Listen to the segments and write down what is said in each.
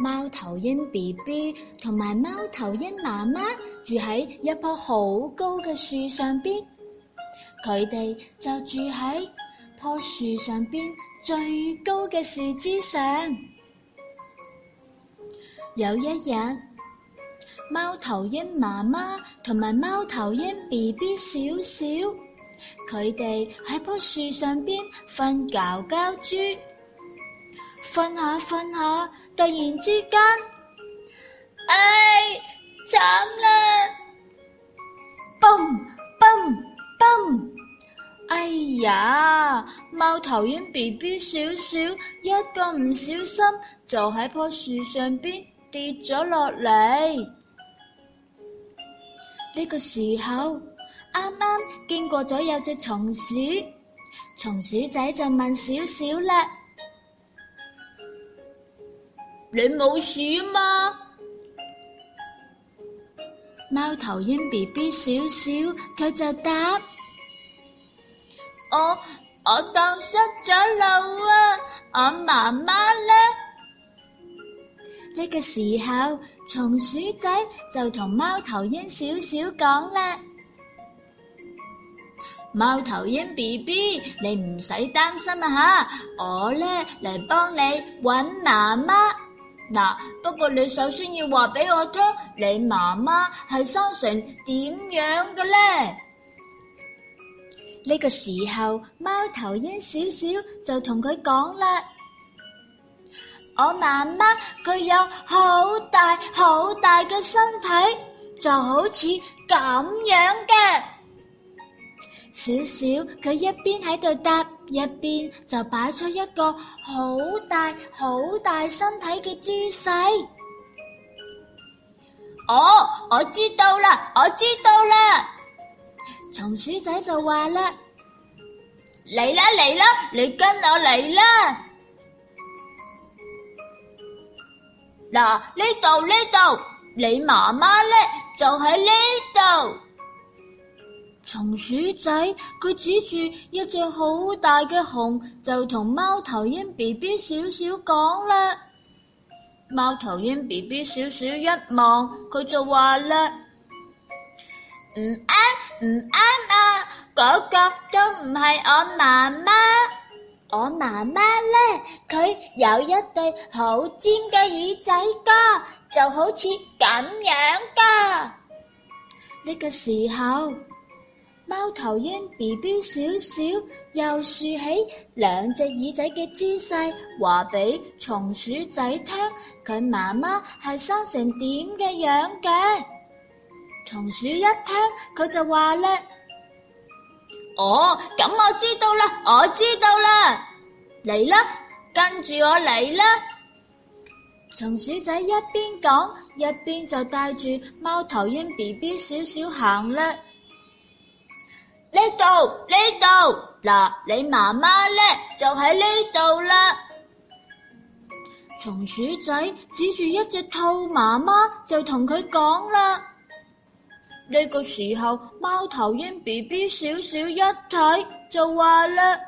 貓頭鷹 B B 同埋貓頭鷹媽媽住喺一棵好高嘅樹上邊，佢哋就住喺棵樹上邊最高嘅樹枝上。有一日，貓頭鷹媽媽同埋貓頭鷹 B B 小小，佢哋喺棵樹上邊瞓覺覺豬，瞓下瞓下。突然之間，唉，慘啦！嘣嘣嘣！哎呀，貓頭鷹 B B 小小一個唔小心，就喺棵樹上邊跌咗落嚟。呢個時候，啱啱經過咗有隻松鼠，松鼠仔就問小小啦。你冇事啊嘛？貓頭鷹 B B 小小，佢就答：我我蕩失咗路啊！我媽媽呢？呢個時候，松鼠仔就同貓頭鷹小小講啦。貓頭鷹 B B，你唔使擔心啊！吓，我咧嚟幫你搵媽媽。嗱，不過你首先要話俾我聽，你媽媽係生成點樣嘅咧？呢個時候，貓頭鷹小小就同佢講啦：我媽媽佢有好大好大嘅身體，就好似咁樣嘅。小小，佢一邊喺度搭，一邊就擺出一個好大好大身體嘅姿勢。哦，我知道啦，我知道啦。松鼠仔就話啦：嚟啦嚟啦，你跟我嚟啦。嗱、啊，呢度呢度，你媽媽咧就喺呢度。松鼠仔佢指住一隻好大嘅熊，就同貓頭鷹 B B 少少講啦。貓頭鷹 B B 少少一望，佢就話啦：唔啱，唔啱啊！嗰個都唔係我媽媽，我媽媽咧，佢有一對好尖嘅耳仔噶，就好似咁樣噶。呢個時候。貓頭鷹 B B 小小又豎起兩隻耳仔嘅姿勢，話俾松鼠仔聽佢媽媽係生成點嘅樣嘅。松鼠一聽佢就話咧：哦，咁我知道啦，我知道啦，嚟啦，跟住我嚟啦。松鼠仔一邊講一邊就帶住貓頭鷹 B B 小小行啦。寶寶小小呢度呢度，嗱，你媽媽咧就喺呢度啦。松鼠仔指住一隻兔媽媽就同佢講啦。呢個時候，貓頭鷹 BB 小小一睇就話啦：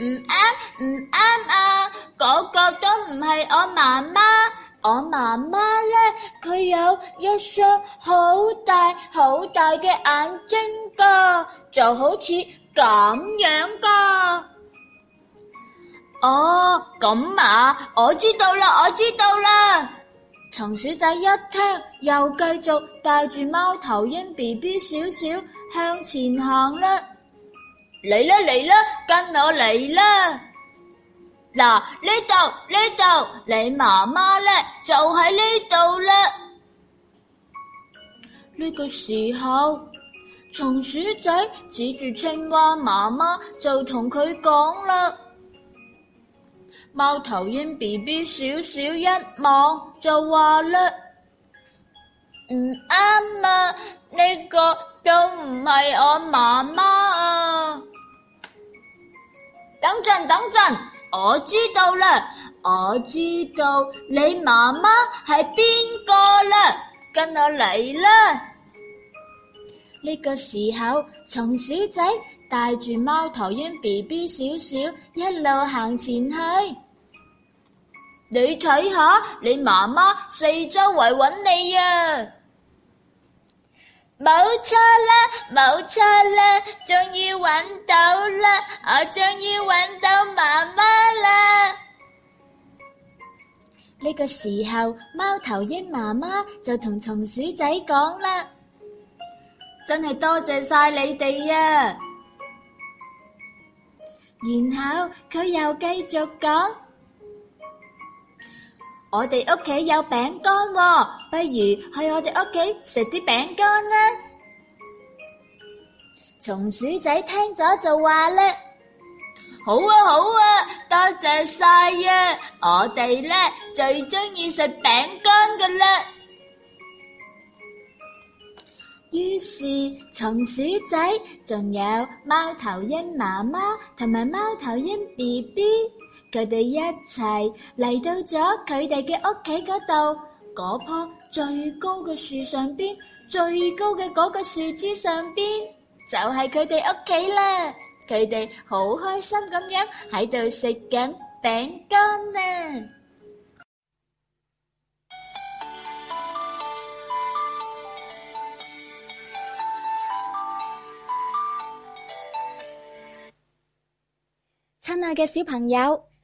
唔啱唔啱啊，嗰個都唔係我媽媽。我媽媽咧，佢有一雙好大好大嘅眼睛噶，就好似咁樣噶。哦，咁啊，我知道啦，我知道啦。松鼠仔一聽，又繼續帶住貓頭鷹 B B 小小向前行啦。嚟啦嚟啦，跟我嚟啦！嗱，呢度呢度，你媽媽咧就喺呢度啦。呢個時候，松鼠仔指住青蛙媽媽就同佢講啦。貓頭鷹 B B 小小一望就話啦，唔啱啊！呢個都唔係我媽媽啊！等陣，等陣。我知道啦，我知道你媽媽係邊個啦，跟我嚟啦！呢個時候，松鼠仔帶住貓頭鷹 B B 小小一路行前去。你睇下，你媽媽四周圍揾你啊！冇錯啦，冇錯啦，終於揾到啦！我終於揾到媽媽啦！呢個時候，貓頭鷹媽媽就同松鼠仔講啦：真係多謝晒你哋啊！然後佢又繼續講。我哋屋企有餅乾，不如去我哋屋企食啲餅乾啦！松鼠仔聽咗就話咧：好啊好啊，多謝晒啊！我哋咧最鍾意食餅乾噶啦。於是松鼠仔仲有貓頭鷹媽媽同埋貓頭鷹 BB。佢哋一齊嚟到咗佢哋嘅屋企嗰度，嗰棵最高嘅樹上邊，最高嘅嗰個樹枝上邊，就係佢哋屋企啦。佢哋好開心咁樣喺度食緊餅乾啦。親愛嘅小朋友，